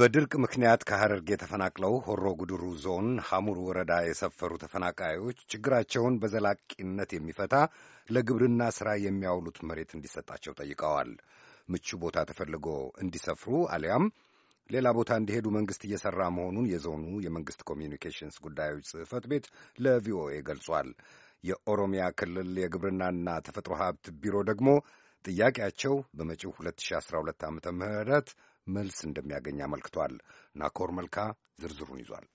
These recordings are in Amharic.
በድርቅ ምክንያት ከሐረርጌ የተፈናቅለው ሆሮ ጉድሩ ዞን ሐሙር ወረዳ የሰፈሩ ተፈናቃዮች ችግራቸውን በዘላቂነት የሚፈታ ለግብርና ሥራ የሚያውሉት መሬት እንዲሰጣቸው ጠይቀዋል። ምቹ ቦታ ተፈልጎ እንዲሰፍሩ አሊያም ሌላ ቦታ እንዲሄዱ መንግሥት እየሠራ መሆኑን የዞኑ የመንግሥት ኮሚኒኬሽንስ ጉዳዮች ጽሕፈት ቤት ለቪኦኤ ገልጿል። የኦሮሚያ ክልል የግብርናና ተፈጥሮ ሀብት ቢሮ ደግሞ ጥያቄያቸው በመጪው 2012 ዓ ም መልስ እንደሚያገኝ አመልክቷል። ናኮር መልካ ዝርዝሩን ይዟል።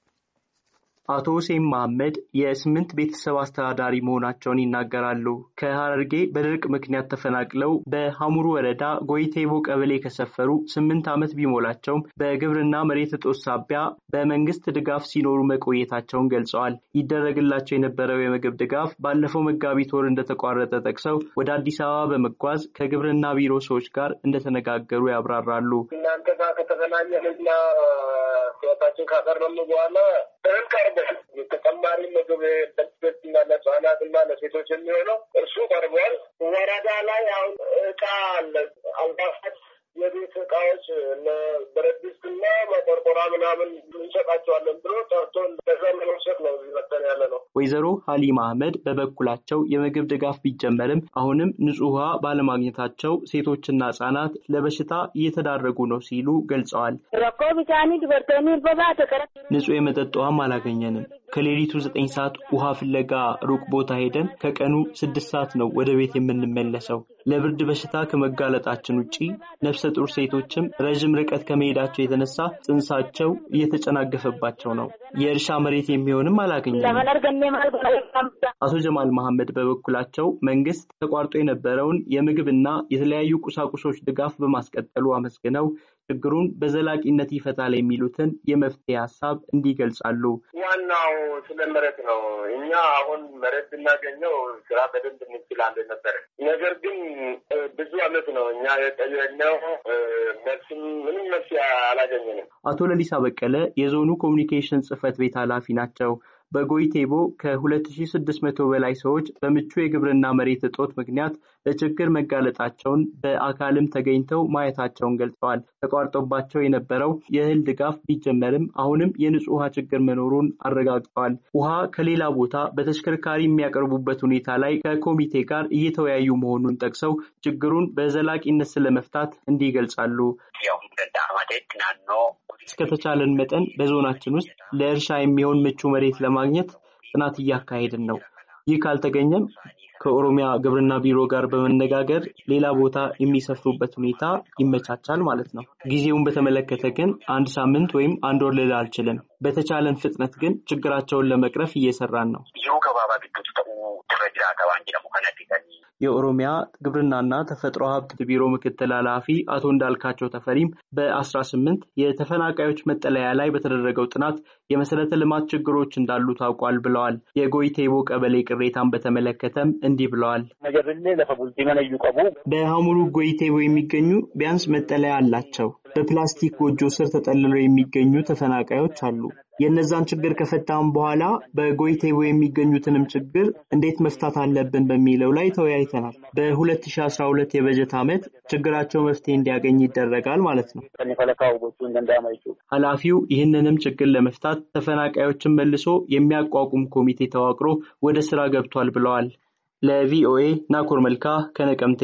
አቶ ሁሴን መሐመድ የስምንት ቤተሰብ አስተዳዳሪ መሆናቸውን ይናገራሉ። ከሐረርጌ በድርቅ ምክንያት ተፈናቅለው በሐሙሩ ወረዳ ጎይቴቦ ቀበሌ ከሰፈሩ ስምንት ዓመት ቢሞላቸውም በግብርና መሬት እጦት ሳቢያ በመንግስት ድጋፍ ሲኖሩ መቆየታቸውን ገልጸዋል። ይደረግላቸው የነበረው የምግብ ድጋፍ ባለፈው መጋቢት ወር እንደተቋረጠ ጠቅሰው ወደ አዲስ አበባ በመጓዝ ከግብርና ቢሮ ሰዎች ጋር እንደተነጋገሩ ያብራራሉ። እናንተ ጋር ከተገናኘንና ህይወታችን ካቀረም በኋላ እህል ቀርቧል። ተጨማሪ ምግብ ለሴቶችና ለህጻናትና ለሴቶች የሚሆነው እሱ ቀርቧል። ወረዳ ላይ አሁን እቃ አለ። አልባሳት፣ የቤት እቃዎች፣ ብረት ድስት እና በቆርቆራ ምናምን እንሰጣቸዋለን ብሎ ጠርቶ እንደዛ ለመውሰድ ነው እዚህ ያለ ነው። ወይዘሮ ሀሊማ አህመድ በበኩላቸው የምግብ ድጋፍ ቢጀመርም አሁንም ንጹህ ውሃ ባለማግኘታቸው ሴቶችና ህጻናት ለበሽታ እየተዳረጉ ነው ሲሉ ገልጸዋል። ንጹህ የመጠጥ ውሃም አላገኘንም። ከሌሊቱ ዘጠኝ ሰዓት ውሃ ፍለጋ ሩቅ ቦታ ሄደን ከቀኑ ስድስት ሰዓት ነው ወደ ቤት የምንመለሰው። ለብርድ በሽታ ከመጋለጣችን ውጪ ነፍሰ ጡር ሴቶችም ረዥም ርቀት ከመሄዳቸው የተነሳ ጽንሳቸው እየተጨናገፈባቸው ነው። የእርሻ መሬት የሚሆንም አላገኘም። አቶ ጀማል መሐመድ በበኩላቸው መንግስት ተቋርጦ የነበረውን የምግብና የተለያዩ ቁሳቁሶች ድጋፍ በማስቀጠሉ አመስግነው ችግሩን በዘላቂነት ይፈታል የሚሉትን የመፍትሄ ሀሳብ እንዲገልጻሉ። ዋናው ስለ መሬት ነው። እኛ አሁን መሬት ብናገኘው ስራ በደንብ እንችላለን ነበር። ነገር ግን ብዙ አመት ነው እኛ የጠየቅነው መልስም ምንም መልስ አላገኘንም። አቶ ለሊሳ በቀለ የዞኑ ኮሚኒኬሽን ጽህፈት ቤት ኃላፊ ናቸው። በጎይቴቦ ከ2600 በላይ ሰዎች በምቹ የግብርና መሬት እጦት ምክንያት ለችግር መጋለጣቸውን በአካልም ተገኝተው ማየታቸውን ገልጸዋል። ተቋርጦባቸው የነበረው የእህል ድጋፍ ቢጀመርም አሁንም የንጹህ ውሃ ችግር መኖሩን አረጋግጠዋል። ውሃ ከሌላ ቦታ በተሽከርካሪ የሚያቀርቡበት ሁኔታ ላይ ከኮሚቴ ጋር እየተወያዩ መሆኑን ጠቅሰው ችግሩን በዘላቂነት ስለመፍታት እንዲህ ይገልጻሉ። እስከተቻለን መጠን በዞናችን ውስጥ ለእርሻ የሚሆን ምቹ መሬት ለማግኘት ጥናት እያካሄድን ነው። ይህ ካልተገኘም ከኦሮሚያ ግብርና ቢሮ ጋር በመነጋገር ሌላ ቦታ የሚሰፍሩበት ሁኔታ ይመቻቻል ማለት ነው። ጊዜውን በተመለከተ ግን አንድ ሳምንት ወይም አንድ ወር ልል አልችልም። በተቻለን ፍጥነት ግን ችግራቸውን ለመቅረፍ እየሰራን ነው። የኦሮሚያ ግብርናና ተፈጥሮ ሀብት ቢሮ ምክትል ኃላፊ አቶ እንዳልካቸው ተፈሪም በ18 የተፈናቃዮች መጠለያ ላይ በተደረገው ጥናት የመሰረተ ልማት ችግሮች እንዳሉ ታውቋል ብለዋል። የጎይቴቦ ቀበሌ ቅሬታን በተመለከተም እንዲህ ብለዋል። በሀሙሩ ጎይቴቦ የሚገኙ ቢያንስ መጠለያ አላቸው። በፕላስቲክ ጎጆ ስር ተጠልለው የሚገኙ ተፈናቃዮች አሉ። የእነዛን ችግር ከፈታም በኋላ በጎይቴቦ የሚገኙትንም ችግር እንዴት መፍታት አለብን በሚለው ላይ ተወያይተናል። በ2012 የበጀት ዓመት ችግራቸው መፍትሄ እንዲያገኝ ይደረጋል ማለት ነው። ኃላፊው ይህንንም ችግር ለመፍታት ተፈናቃዮችን መልሶ የሚያቋቁም ኮሚቴ ተዋቅሮ ወደ ስራ ገብቷል ብለዋል። ለቪኦኤ ናኮር መልካ ከነቀምቴ